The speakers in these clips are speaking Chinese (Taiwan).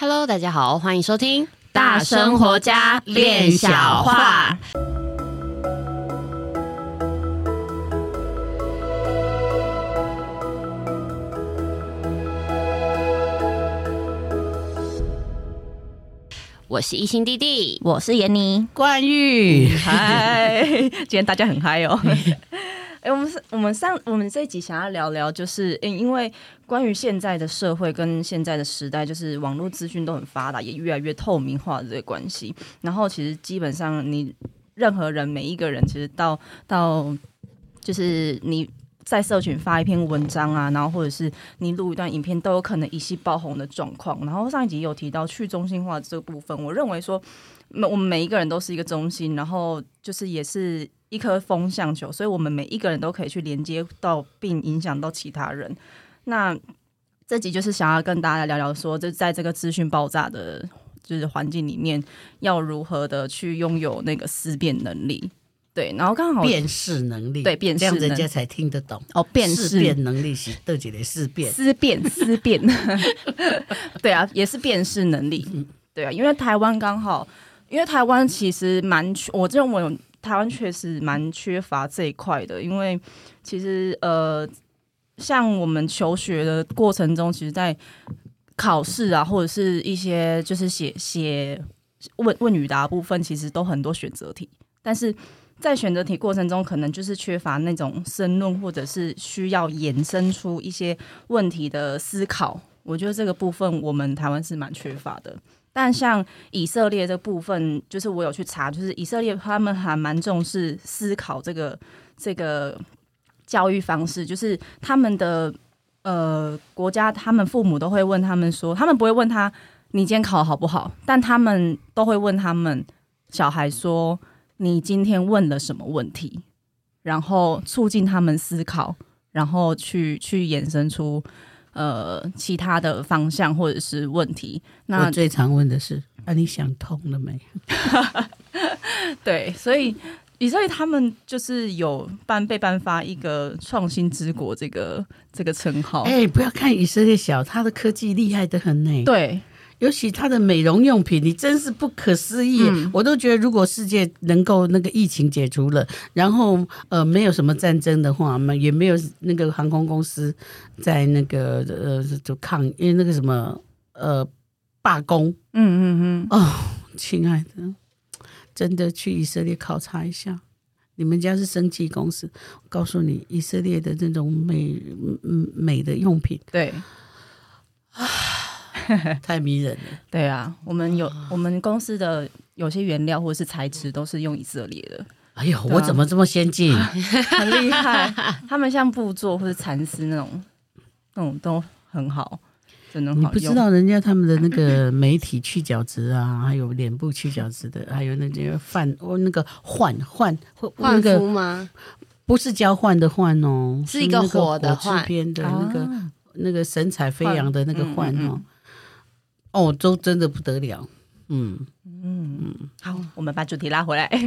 Hello，大家好，歡迎收聽《大生活家練小話》。話，我是一心弟弟，我是閆妮，冠玉，嗨！ 今天大家很嗨哦。 哎、欸，我們是，我們上我們這一集想要聊聊，就是、欸、因為關於現在的社會跟現在的時代，就是網絡資訊都很發達，也越來越透明化的這個關係。然後，其實基本上你任何人每一個人，其實到到就是你在社群發一篇文章啊，然後或者是你錄一段影片，都有可能一夕爆紅的狀況。然後上一集有提到去中心化這個部分，我認為說，那我們每一個人都是一個中心，然後就是也是。一顆風向球，所以我們每一個人都可以去連接到並影響到其他人。那這集就是想要跟大家來聊聊說，說就在這個資訊爆炸的，就是環境裡面，要如何的去擁有那個思辨能力。對，然後剛好辨識能力，對，辨識能力，這樣人家才聽得懂哦。辨識能力是到底的思辨，思辨，思辨。對啊，也是辨識能力。嗯、對啊，因為台灣剛好，因為台灣其實蠻，我、哦、這種我。台灣確實蠻缺乏這一塊的，因為其實呃，像我們求學的過程中，其實，在考試啊，或者是一些就是寫寫問問語答的部分，其實都很多選擇題，但是在選擇題過程中，可能就是缺乏那種申論，或者是需要延伸出一些問題的思考。我覺得這個部分，我們台灣是蠻缺乏的。但像以色列這部分，就是我有去查，就是以色列他們還蠻重視思考這個這個教育方式，就是他們的呃國家，他們父母都會問他們說，他們不會問他你今天考好不好，但他們都會問他們小孩說，你今天問了什麼問題？然後促進他們思考，然後去去衍生出。呃，其他的方向或者是問題，那我最常問的是，那、啊、你想通了沒？ 對，所以以色列他們就是有頒被頒發一個創新之國這個這個稱號。哎、欸，不要看以色列小，他的科技厲害得很呢。對。尤其它的美容用品，你真是不可思議。嗯、我都覺得，如果世界能夠那個疫情解除了，然後呃，沒有什麼戰爭的話，也沒有那個航空公司在那個呃就抗，因為那個什麼呃罷工。嗯嗯嗯。哦，親愛的，真的去以色列考察一下。你們家是生技公司，告訴你，以色列的那種美美的用品。對。啊。太迷人了。 對啊，我們有我們公司的有些原料或是材質都是用以色列的。哎呦，啊、我怎麼這麼先進？ 很厲害。 他們像布做或者蠶絲那種，那、嗯、種都很好，真的很好用。你不知道人家他們的那個媒體去角質啊， 還有臉部去角質的，還有那些飯哦那個換換換那個不是交換的換哦、喔，是一個火的煥邊的那個的、啊、那個神采飛揚的那個煥哦、喔。換嗯嗯澳洲、哦、真的不得了，嗯嗯，嗯好，我們把主題拉回來。哎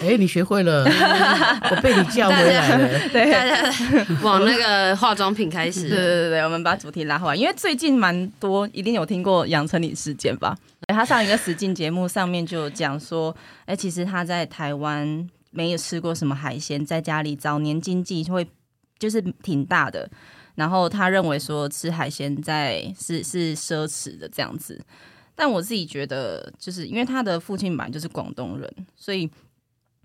對、 欸，你學會了， 我被你叫回來了。對,對,對,對,對,對，往那個化妝品開始。對對對我們把主題拉回來，因為最近蠻多，一定有聽過楊丞琳事件吧？她上一個實境節目上面就講說，哎、欸，其實她在台灣沒有吃過什麼海鮮，在家裡早年經濟會就是挺大的。然後他認為說吃海鮮在是是奢侈的這樣子，但我自己覺得就是因為他的父親本來就是廣東人，所以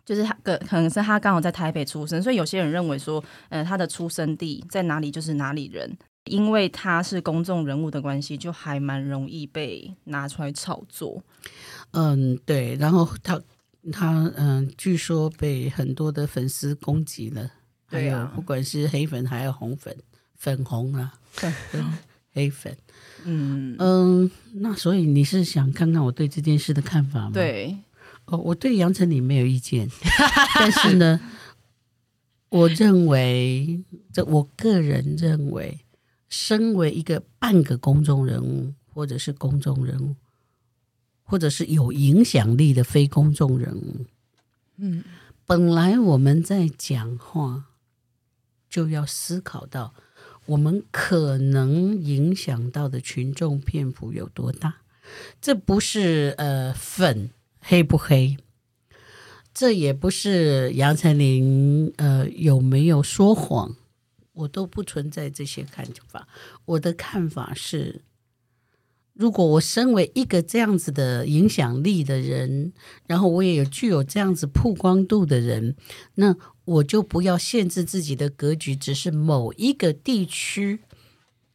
就是他可可能是他剛好在台北出生，所以有些人認為說，呃，他的出生地在哪裡就是哪裡人，因為他是公眾人物的關係，就還蠻容易被拿出來炒作。嗯，對。然後他他嗯，據說被很多的粉絲攻擊了，對呀、啊，還有，不管是黑粉還有紅粉。粉紅啊， 黑粉，嗯嗯、呃，那所以你是想看看我對這件事的看法嗎？對，哦，我對楊丞琳沒有意見，但是呢， 我認為，這我個人認為，身為一個半個公眾人物，或者是公眾人物，或者是有影響力的非公眾人物，嗯，本來我們在講話就要思考到。我們可能影響到的群眾篇幅有多大？這不是呃粉黑不黑，這也不是楊丞琳呃有沒有說謊，我都不存在這些看法。我的看法是，如果我身為一個這樣子的影響力的人，然後我也有具有這樣子曝光度的人，那。我就不要限制自己的格局，只是某一個地區，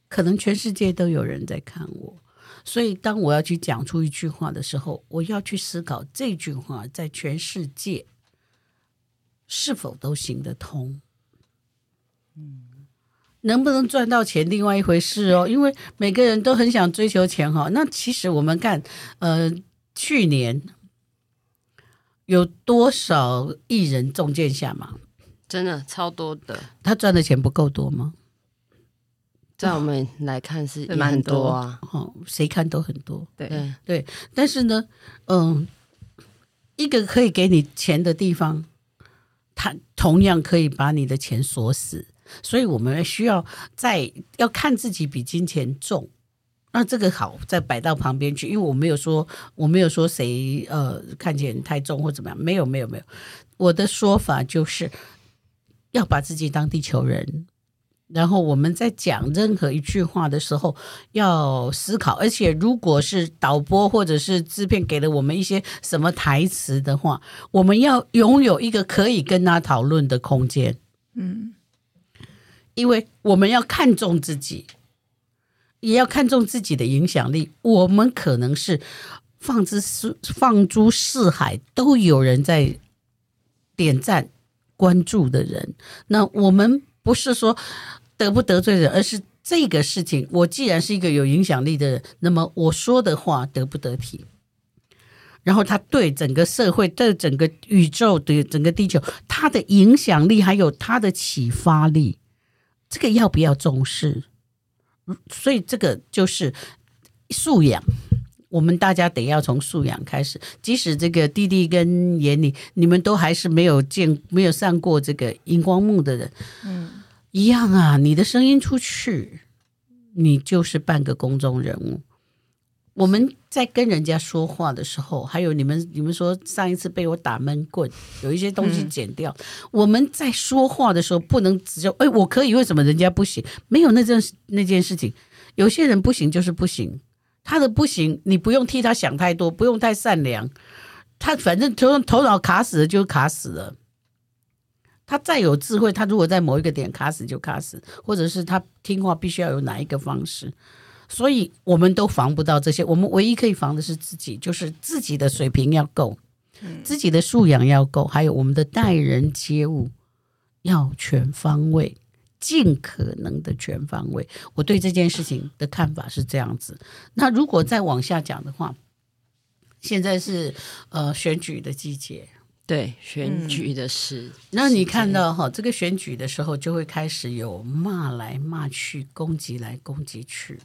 可能全世界都有人在看我，所以當我要去講出一句話的時候，我要去思考這句話在全世界是否都行得通。嗯，能不能賺到錢，另外一回事哦，因為每個人都很想追求錢哈。那其實我們看，呃，去年。有多少藝人中箭下馬？真的超多的。他賺的錢不夠多嗎？在我們來看是蠻多啊，哦，誰看都很多。對對，但是呢，嗯，一個可以給你錢的地方，他同樣可以把你的錢鎖死，所以我們需要在要看自己比金錢重。那、啊、這個好，再擺到旁邊去，因為我沒有說，我沒有說誰呃看見太重或怎麼樣，沒有，沒有，沒有。我的說法就是要把自己當地球人，然後我們在講任何一句話的時候要思考，而且如果是導播或者是制片給了我們一些什麼台詞的話，我們要擁有一個可以跟他討論的空間，嗯，因為我們要看重自己。也要看重自己的影響力。我們可能是放之四放諸四海都有人在點讚關注的人。那我們不是說得不得罪人，而是這個事情，我既然是一個有影響力的人，那麼我說的話得不得體？然後他對整個社會、對整個宇宙、對整個地球，他的影響力還有他的啟發力，這個要不要重視？所以這個就是素養，我們大家得要從素養開始。即使這個弟弟跟眼裡，你們都還是沒有見、沒有上過這個熒光幕的人，嗯，一樣啊。你的聲音出去，你就是半個公眾人物。我們在跟人家說話的時候，還有你們，你們說上一次被我打悶棍，有一些東西剪掉。嗯、我們在說話的時候不能只有哎，我可以，為什麼人家不行？沒有那件那件事情，有些人不行就是不行，他的不行，你不用替他想太多，不用太善良。他反正頭頭腦卡死了就卡死了，他再有智慧，他如果在某一個點卡死就卡死，或者是他聽話必須要有哪一個方式。所以我們都防不到這些，我們唯一可以防的是自己，就是自己的水平要夠，自己的素養要夠，還有我們的待人接物要全方位，盡可能的全方位。我對這件事情的看法是這樣子。那如果再往下講的話，現在是呃選舉的季節，對，選舉的事，嗯、那你看到哈，這個選舉的時候就會開始有罵來罵去，攻擊來攻擊去。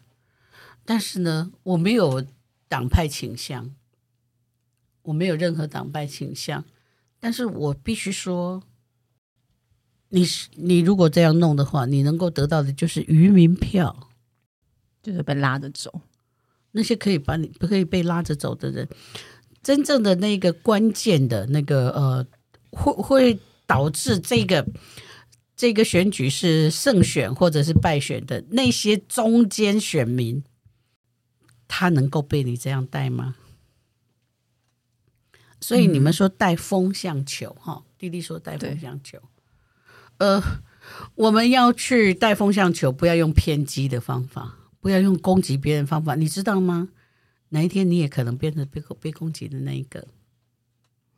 但是呢，我沒有黨派傾向，我沒有任何黨派傾向。但是我必須說，你是，你如果這樣弄的話，你能夠得到的就是漁民票，就是被拉着走。那些可以把你不可以被拉着走的人，真正的那個關鍵的那個呃，會會導致這個這個選舉是勝選或者是敗選的那些中間選民。他能夠被你這樣帶嗎？所以你們說帶風向球哈、嗯哦，弟弟說帶風向球，對呃，我們要去帶風向球，不要用偏激的方法，不要用攻擊別人的方法，你知道嗎？哪一天你也可能變成被被攻擊的那一個，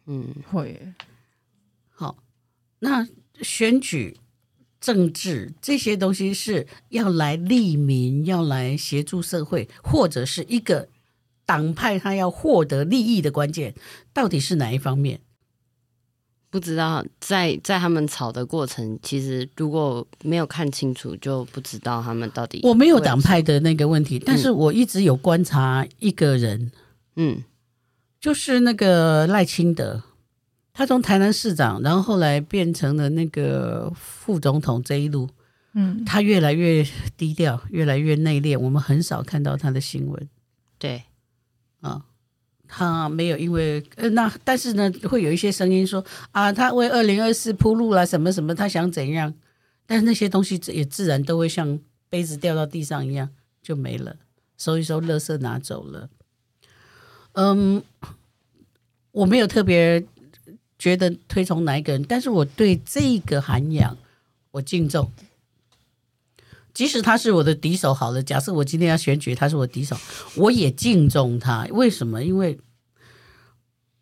嗯，會。好，那選舉。政治這些東西是要來利民，要來協助社會，或者是一個黨派他要獲得利益的關鍵，到底是哪一方面？不知道，在在他們吵的過程，其實如果沒有看清楚，就不知道他們到底。我沒有黨派的那個問題，但是我一直有觀察一個人，嗯，就是那個賴清德。他從台南市長，然後後來變成了那個副總統，這一路，嗯，他越來越低調，越來越內斂，我們很少看到他的新聞。對，啊，他沒有因為、呃、那，但是呢，會有一些聲音說啊，他為二零二四鋪路了，什麼什麼，他想怎樣？但那些東西也自然都會像杯子掉到地上一樣，就沒了，收一收，垃圾拿走了。嗯，我沒有特別。覺得推崇哪一個人，但是我對這個涵養，我敬重。即使他是我的敵手，好的，假設我今天要選舉，他是我的敵手，我也敬重他。為什麼？因為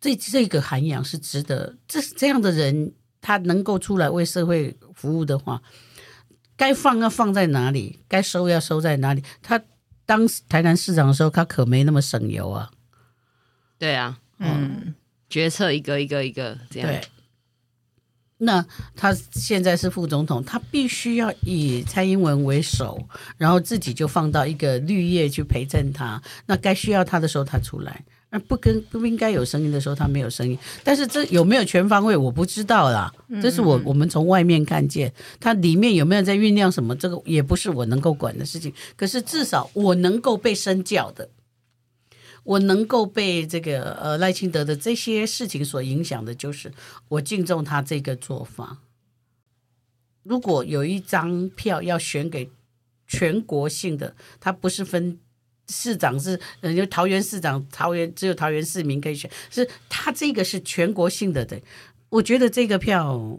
這這個涵養是值得。這這樣的人，他能夠出來為社會服務的話，該放要放在哪裡，該收要收在哪裡。他當台南市長的時候，他可沒那麼省油啊。對啊，嗯。決策一個一個一個這樣。對，那他現在是副總統，他必須要以蔡英文為首，然後自己就放到一個綠葉去陪襯他。那該需要他的時候他出來，那不跟不應該有聲音的時候他沒有聲音。但是這有沒有全方位，我不知道啦。這是我我們從外面看見他裡面有沒有在醞釀什麼，這個也不是我能夠管的事情。可是至少我能夠被身教的。我能夠被這個呃賴清德的這些事情所影響的，就是我敬重他這個做法。如果有一張票要選給全國性的，他不是分市長是，呃，人家桃園市長，桃園只有桃園市民可以選，是他這個是全國性的。對，我覺得這個票，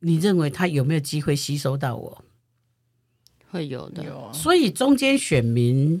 你認為他有沒有機會吸收到我？會有的，所以中間選民。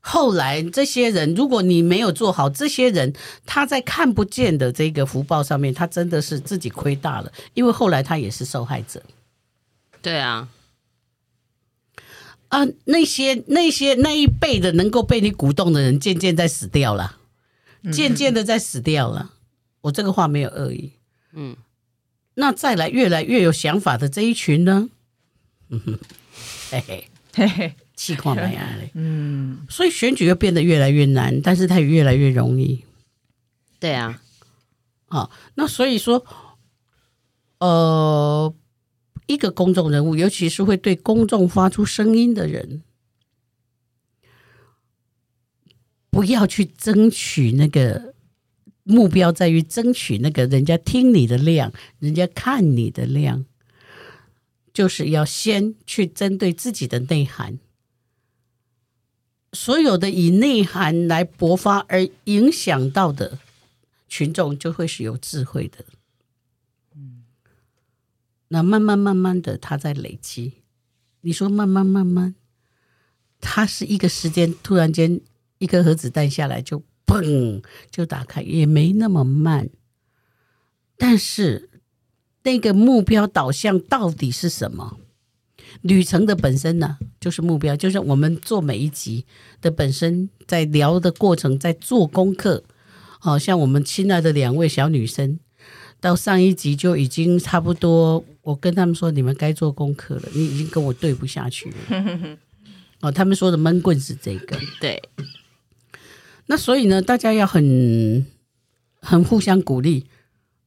後來這些人，如果你沒有做好，這些人他在看不見的這個福報上面，他真的是自己虧大了，因為後來他也是受害者。對啊，啊，那些那些那一輩的能夠被你鼓動的人，漸漸在死掉了，漸漸的在死掉了。嗯哼。我這個話沒有惡意，嗯。那再來越來越有想法的這一群呢？嘿、嗯、嘿嘿嘿。 氣化了呀！看看嗯，所以選舉又變得越來越難，但是它也越來越容易。對啊，好、哦，那所以說，呃，一個公眾人物，尤其是會對公眾發出聲音的人，不要去爭取那個，目標在於爭取那個人家聽你的量，人家看你的量，就是要先去針對自己的內涵。所有的以內涵來勃发而影響到的群眾，就會是有智慧的。嗯，那慢慢慢慢的，它在累積。你說慢慢慢慢，它是一個時間，突然間一顆核子彈下來就砰就打開，也沒那麼慢。但是那個目標導向到底是什麼？旅程的本身呢，就是目標，就是我們做每一集的本身，在聊的過程，在做功課。好像我們親愛的兩位小女生，到上一集就已經差不多，我跟他們說，你們該做功課了。你已經跟我對不下去了。 哦，他們說的悶棍是這個， 對。那所以呢，大家要很很互相鼓勵。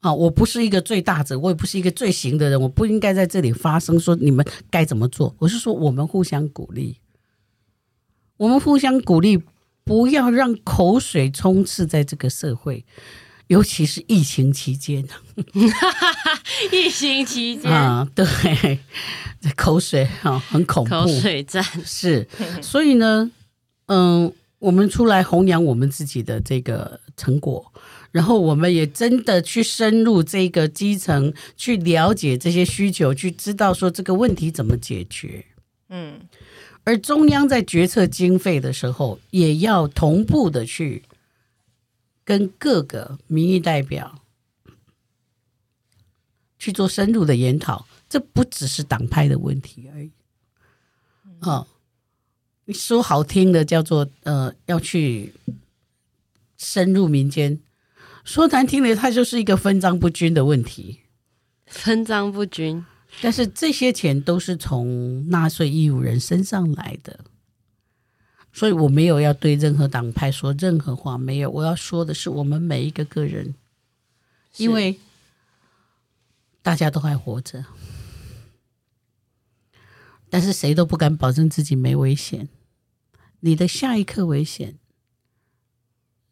啊，我不是一個最大者，我也不是一個最行的人，我不應該在這裡發聲說你們該怎麼做。我是說，我們互相鼓勵，我們互相鼓勵，不要讓口水充斥在這個社會，尤其是疫情期間。 疫情期間，啊、對口水啊，很恐怖，口水戰 是。所以呢，嗯、呃，我們出來弘揚我們自己的這個成果。然後我們也真的去深入這個基層，去了解這些需求，去知道說這個問題怎麼解決。嗯，而中央在決策經費的時候，也要同步的去跟各個民意代表去做深入的研討。這不只是黨派的問題而已。哦，你說好聽的叫做呃，要去深入民間。說難聽的，它就是一個分贓不均的問題。分贓不均，但是這些錢都是從納稅義務人身上來的，所以我沒有要對任何黨派說任何話。沒有，我要說的是，我們每一個個人，因為大家都還活着，但是誰都不敢保證自己沒危險。你的下一刻危險，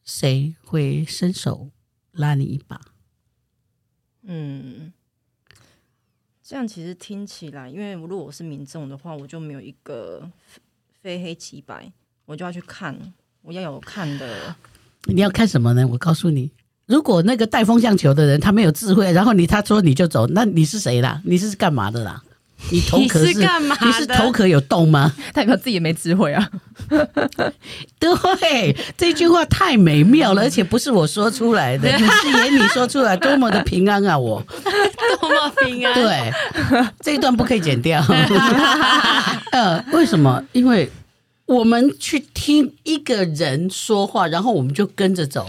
誰會伸手？拉你一把，嗯，這樣其實聽起來，因為如果我是民眾的話，我就沒有一個非黑即白，我就要去看，我要有看的。你要看什麼呢？我告訴你，如果那個帶風向球的人他沒有智慧，然後你他說你就走，那你是誰啦？你是幹嘛的啦？你頭殼是你是幹嘛的？你是頭殼有洞嗎？代表自己沒智慧啊！對，這句話太美妙了，而且不是我說出來的， 你是眼裡說出來，多麼的平安啊我！我 多麼平安！對，這一段不可以剪掉。 呃，為什麼？因為我們去聽一個人說話，然後我們就跟着走，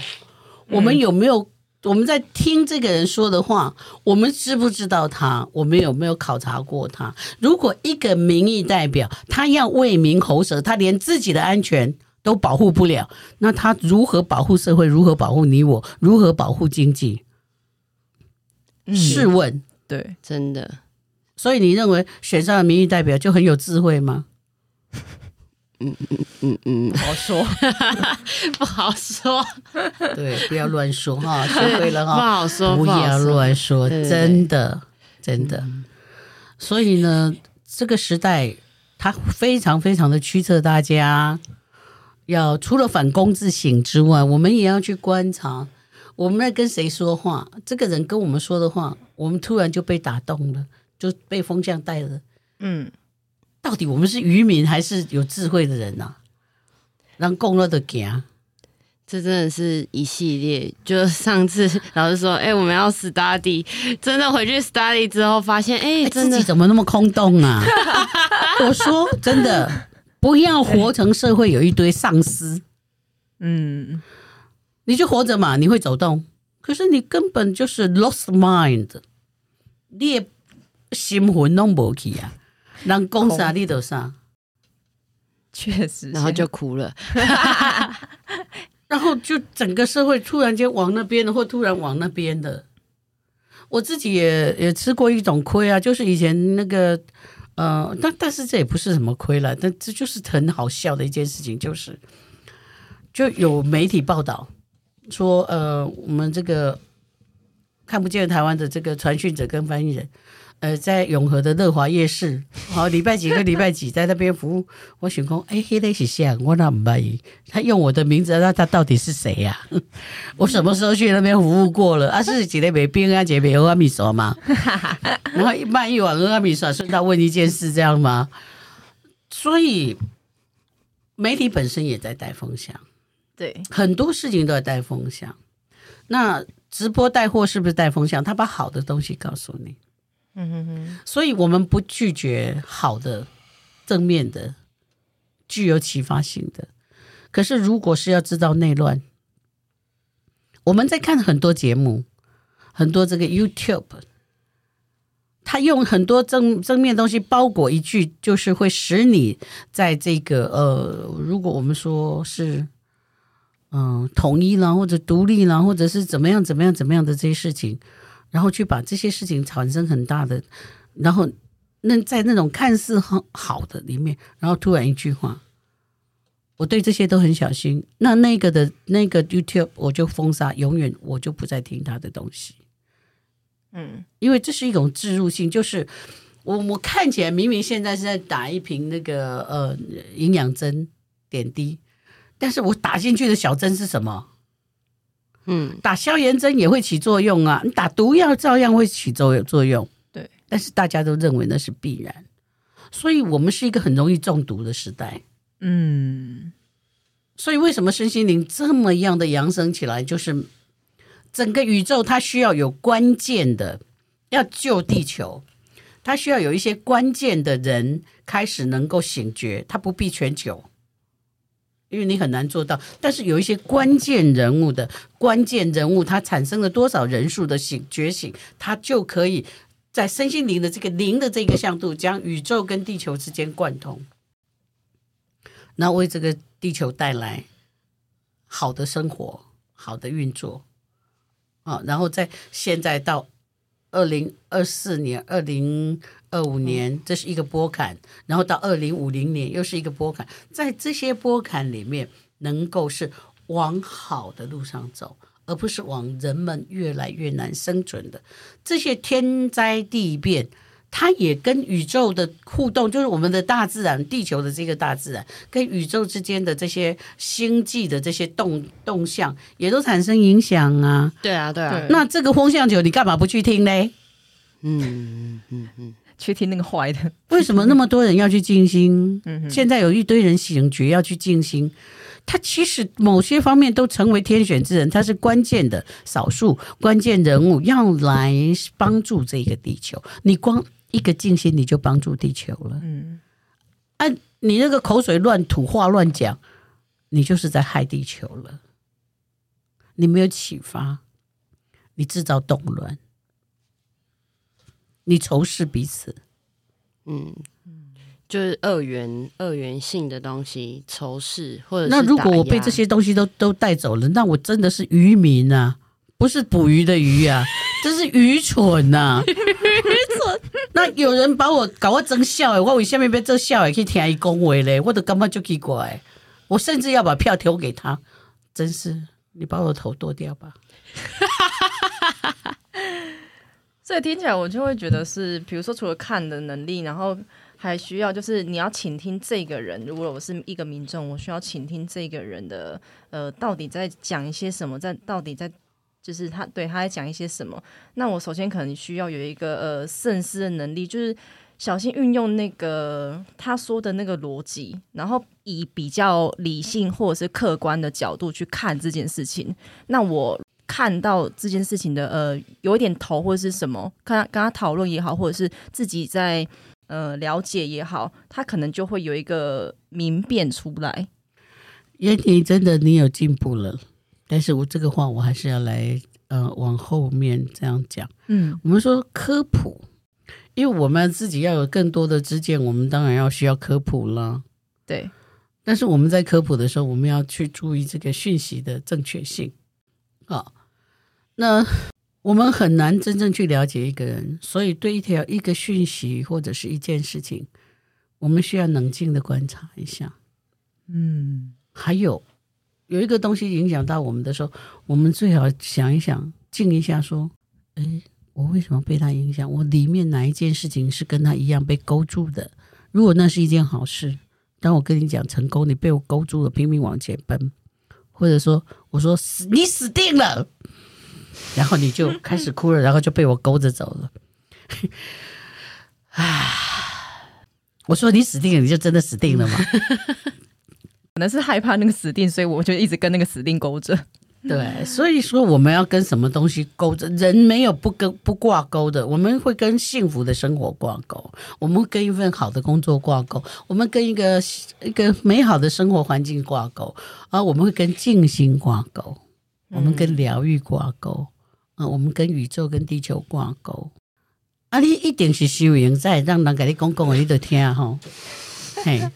嗯、我們有沒有？我們在聽這個人說的話，我們知不知道他？我們有沒有考察過他？如果一個民意代表他要為民喉舌，他連自己的安全都保護不了，那他如何保護社會？如何保護你我？如何保護經濟？試問，嗯、對，真的。所以你認為選上的民意代表就很有智慧嗎？嗯嗯嗯嗯，不好說，不好說。對，不要亂說哈、 哦，學會了哈，哦、 不好說，不要亂說， 對真的，真的。嗯、所以呢，這個時代它非常非常的驅策。大家，要除了反躬自省之外，我們也要去觀察，我們在跟誰說話，這個人跟我們說的話，我們突然就被打動了，就被風向帶了，嗯。到底我們是愚民還是有智慧的人呢？啊。讓共樂的行，這真的是一系列。就上次老師說，哎、欸，我們要 study，真的回去 study 之後發現，哎，自己怎麼那麼空洞啊？ 我說真的，不要活成社會有一堆喪屍。嗯對，你就活着嘛，你會走動，可是你根本就是 lost mind，你也心魂弄不起啊。男工殺利頭殺，確實，然後就哭了， 然後就整個社會突然間往那邊的，或突然往那邊的。我自己也也吃過一種虧啊，就是以前那個，呃，但但是這也不是什麼虧了，但這就是很好笑的一件事情，就是就有媒體報道說，呃，我們這個看不見台灣的這個傳訊者跟翻譯人。呃，在永和的樂華夜市，好禮拜幾、跟禮拜幾在那邊服務。我想說哎，黑嘞是下，我，哪不滿意。他用我的名字，那他到底是誰呀？我什麼時候去那邊服務過了？啊，是幾的沒病啊，姐沒歐阿米索嗎？然後一賣一碗阿米索，所以他問一件事這樣嗎？所以媒體本身也在帶風向，對，很多事情都在帶風向。那直播帶貨是不是帶風向？他把好的東西告訴你。嗯哼哼， 所以我們不拒絕好的、正面的、具有啟發性的。可是，如果是要製造內亂，我們在看很多節目，很多這個 YouTube，他用很多正正面東西包裹一句，就是會使你在這個呃，如果我們說是嗯、呃、統一啦，或者獨立啦，或者是怎麼樣怎麼樣怎麼樣的這些事情。然後去把這些事情產生很大的，然後那在那種看似很好的裡面，然後突然一句話，我對這些都很小心。那那個的那個 YouTube 我就封殺，永遠我就不再聽他的東西。嗯，因為這是一種置入性，就是我我看起來明明現在是在打一瓶那個呃營養針點滴，但是我打進去的小針是什麼？嗯，打消炎針也會起作用啊，你打毒藥照樣會起作用作用。對，但是大家都認為那是必然，所以我們是一個很容易中毒的時代。嗯，所以為什麼身心靈這麼樣的揚升起來，就是整個宇宙它需要有關鍵的，要救地球，它需要有一些關鍵的人開始能夠醒覺，它不必全球。因為你很難做到，但是有一些關鍵人物的關鍵人物，他產生了多少人數的醒覺醒，他就可以在身心靈的這個靈的這個向度，將宇宙跟地球之間貫通，然後為這個地球帶來好的生活、好的運作，啊，然後在現在到。二零二四年、二零二五年，這是一個波坎，然後到二零五零年又是一個波坎，在這些波坎裡面，能夠是往好的路上走，而不是往人們越來越難生存的這些天災地變。它也跟宇宙的互動，就是我們的大自然、地球的這個大自然，跟宇宙之間的這些星際的這些動動向，也都產生影響啊。對啊，對啊。那這個風向球，你幹嘛不去聽呢、嗯？嗯嗯嗯嗯，去聽那個壞的？為什麼那麼多人要去靜心？嗯嗯、現在有一堆人醒覺要去靜心，他其實某些方面都成為天選之人，他是關鍵的少數關鍵人物，要來幫助這個地球。你光。一個靜心，你就幫助地球了。嗯、啊，你那個口水亂吐、話亂講，你就是在害地球了。你沒有啟發，你制造動亂，你仇視彼此。嗯，就是二元、二元性的東西，仇視或者，那如果我被這些東西都都帶走了，那我真的是漁民啊，不是捕魚的魚啊，這、嗯、是愚蠢吶、啊。 那有人把我搞個真笑誒，我為什麼要真笑誒？去聽他講話嘞，我都感覺超級怪，我甚至要把票投給他。真是，你把我的頭剁掉吧！ 所以聽起來我就會覺得是，比如說除了看的能力，然後還需要就是你要傾聽這個人。如果我是一個民眾，我需要傾聽這個人的呃，到底在講一些什麼，在到底在。就是他，對，他在講一些什麼？那我首先可能需要有一個呃慎思的能力，就是小心運用那個他說的那個邏輯，然後以比較理性或者是客觀的角度去看這件事情。那我看到這件事情的呃有一點頭或者是什麼，看他跟他討論也好，或者是自己在呃了解也好，他可能就會有一個明辨出來。耶婷，真的你有進步了。但是我這個話我還是要來，呃，往後面這樣講。嗯，我們說科普，因為我們自己要有更多的知見，我們當然要需要科普了。對，但是我們在科普的時候，我們要去注意這個訊息的正確性。好，哦，那我們很難真正去了解一個人，所以對一條一個訊息或者是一件事情，我們需要冷靜的觀察一下。嗯，還有。有一個東西影響到我們的時候，我們最好想一想，靜一下，說：“哎，我為什麼被他影響？我裡面哪一件事情是跟他一樣被勾住的？如果那是一件好事，當我跟你講成功，你被我勾住了，拼命往前奔，或者說，我說死你死定了， 然後你就開始哭了，然後就被我勾着走了。 唉，我說你死定了，你就真的死定了嗎？” 可能是害怕那個死定，所以我就一直跟那個死定勾着。對，所以說我們要跟什麼東西勾着？人沒有不跟不掛鈎的。我們會跟幸福的生活掛鈎，我們會跟一份好的工作掛鈎，我們跟一個一個美好的生活環境掛鈎啊。我們會跟靜心掛鈎，我們跟療癒掛鈎嗯、啊，我們跟宇宙跟地球掛鈎。啊，你一定是收人在讓人給你講講你都聽哈。嘿、哦。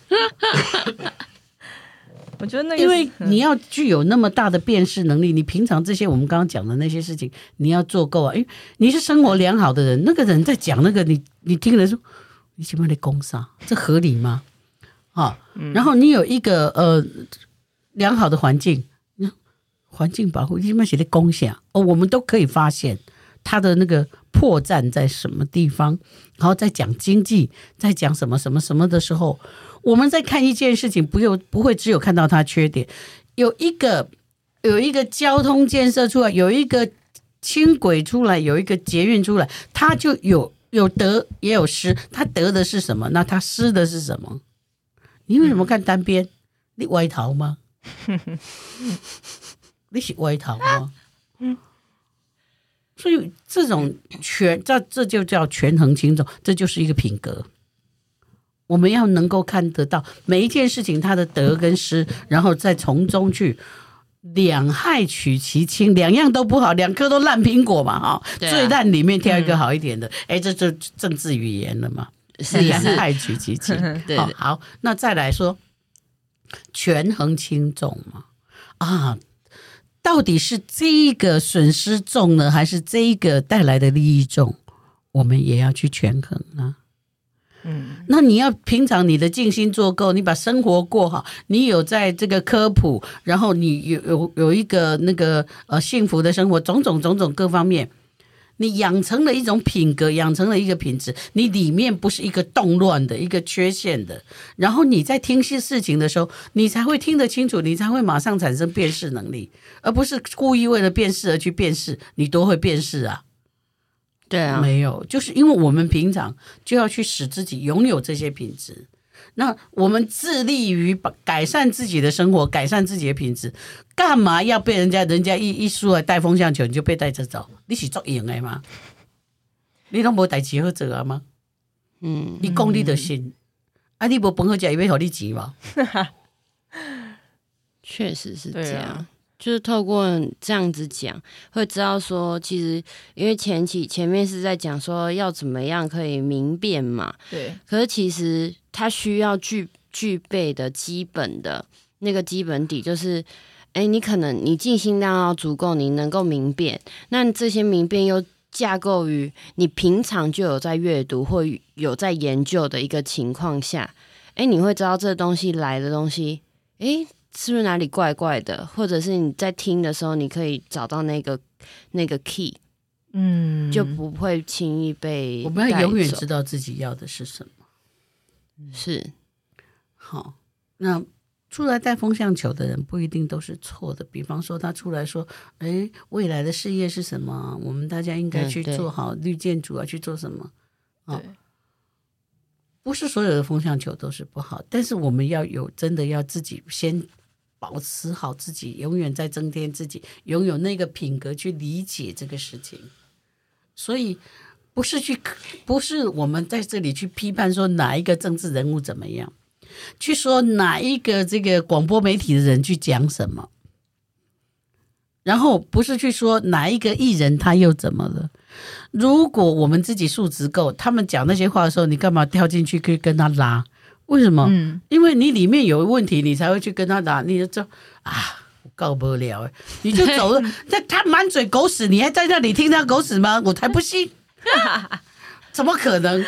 我覺得那因為你要具有那麼大的辨識能力，你平常這些我們剛剛講的那些事情，你要做夠啊！因為你是生活良好的人，那個人在講那個，你你聽人說，你起碼得攻上，這合理嗎？啊，然後你有一個呃良好的環境，環境保護，你起碼寫的攻顯哦，我們都可以發現他的那個破綻在什麼地方。然後再講經濟，再講什麼什麼什麼的時候。我們在看一件事情，不用，不會只有看到他缺點。有一個有一個交通建設出來，有一個輕軌出來，有一個捷運出來，他就有有得也有失，他得的是什麼？那他失的是什麼？你為什麼看單邊？你歪頭嗎？ 你是歪頭嗎？所以這種權，這這就叫權衡輕重，這就是一個品格。我們要能夠看得到每一件事情它的得跟失，然後再從中去兩害取其輕，兩樣都不好，兩顆都爛蘋果嘛，哈、啊，最爛裡面挑一個好一點的，哎、嗯，這就政治語言了嘛，是，是兩害取其輕， 對，對，好，那再來說權衡輕重嘛，啊，到底是這個損失重呢，還是這個帶來的利益重，我們也要去權衡啊。嗯，那你要平常你的靜心做夠，你把生活過好，你有在這個科普，然後你有有有一個那個呃幸福的生活，種種種種各方面，你養成了一種品格，養成了一個品質，你裡面不是一個動亂的，一個缺陷的，然後你在聽些事情的時候，你才會聽得清楚，你才會馬上產生辨識能力，而不是故意為了辨識而去辨識，你都會辨識啊。對啊，沒有，就是因為我們平常就要去使自己擁有這些品質。那我們致力於把改善自己的生活，改善自己的品質，幹嘛要被人家，人家一一出來帶風向球，你就被帶着走？你是足閒的嗎？你都無代誌好做啊嗎？嗯，你功利的心啊，你無捧好只，伊要托你急嘛？ 確實是這樣。就是透過這樣子講，會知道說，其實因為前期前面是在講說要怎麼樣可以明辨嘛，對。可是其實它需要具具備的基本的那個基本底，就是，哎、欸，你可能你盡心量要足夠，你能夠明辨。那這些明辨又架構於你平常就有在閱讀或有在研究的一個情況下，哎、欸，你會知道這東西來的東西，誒、欸。是不是哪裡怪怪的，或者是你在聽的時候，你可以找到那個那個 key，嗯，就不會輕易被。我們要永遠知道自己要的是什麼，是、嗯、好。那出來帶風向球的人不一定都是錯的，比方說他出來說，哎、欸，未來的事業是什麼？我們大家應該去做好綠建築啊，去做什麼？啊、嗯，不是所有的風向球都是不好，但是我們要有真的要自己先。保持好自己，永遠在增添自己，擁有那個品格去理解這個事情。所以，不是去，不是我們在這裡去批判說哪一個政治人物怎麼樣，去說哪一個這個廣播媒體的人去講什麼，然後不是去說哪一個藝人他又怎麼了。如果我們自己素質夠，他們講那些話的時候，你幹嘛跳進去去跟他拉？為什麼？嗯、因為你裡面有問題，你才會去跟他打。你就說，啊，我告不了，你就走了。 他滿嘴狗屎，你還在那裡聽他狗屎嗎？我才不信， 怎麼可能？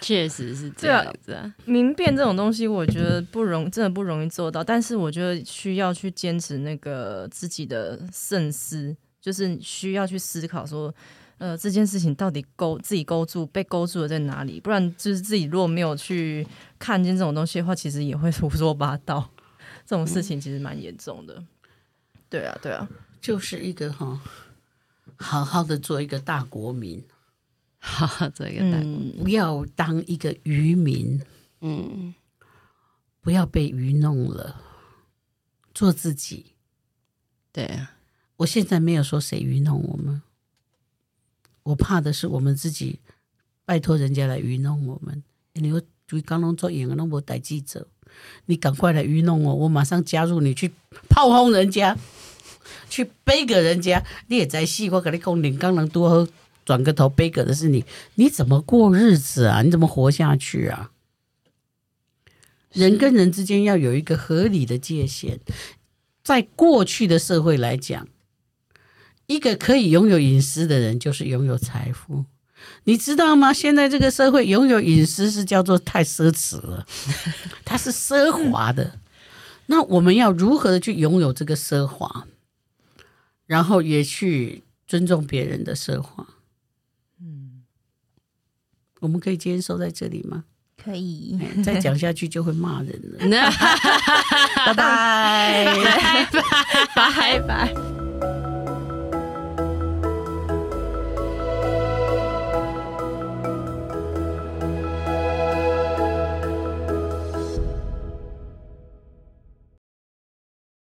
確實是這樣子。啊。明辨這種東西，我覺得不容，真的不容易做到。但是我覺得需要去堅持那個自己的慎思，就是需要去思考說。呃，這件事情到底勾自己勾住被勾住的在哪裡？不然就是自己如果沒有去看見這種東西的話，其實也會胡說八道。這種事情其實蠻嚴重的。嗯、對啊，對啊，就是一個哈，好好的做一個大國民，好好做一個大民，嗯、不要當一個愚民。嗯，不要被愚弄了，做自己。對啊，我現在沒有說誰愚弄我們。我怕的是我們自己拜託人家來愚弄我們。你又剛剛做演員，那我逮記者，你趕快來愚弄我，我馬上加入你去炮轟人家，去杯葛人家。你也在戲我給你公演剛能多喝，轉個頭杯葛的是你，你怎麼過日子啊？你怎麼活下去啊？是人跟人之間要有一個合理的界限，在過去的社會來講。一個可以擁有隱私的人，就是擁有財富，你知道嗎？現在這個社會，擁有隱私是叫做太奢侈了，它是奢華的。那我們要如何的去擁有這個奢華，然後也去尊重別人的奢華？嗯，我們可以接受在這裡嗎？可以，再講下去就會罵人了。拜拜，拜拜。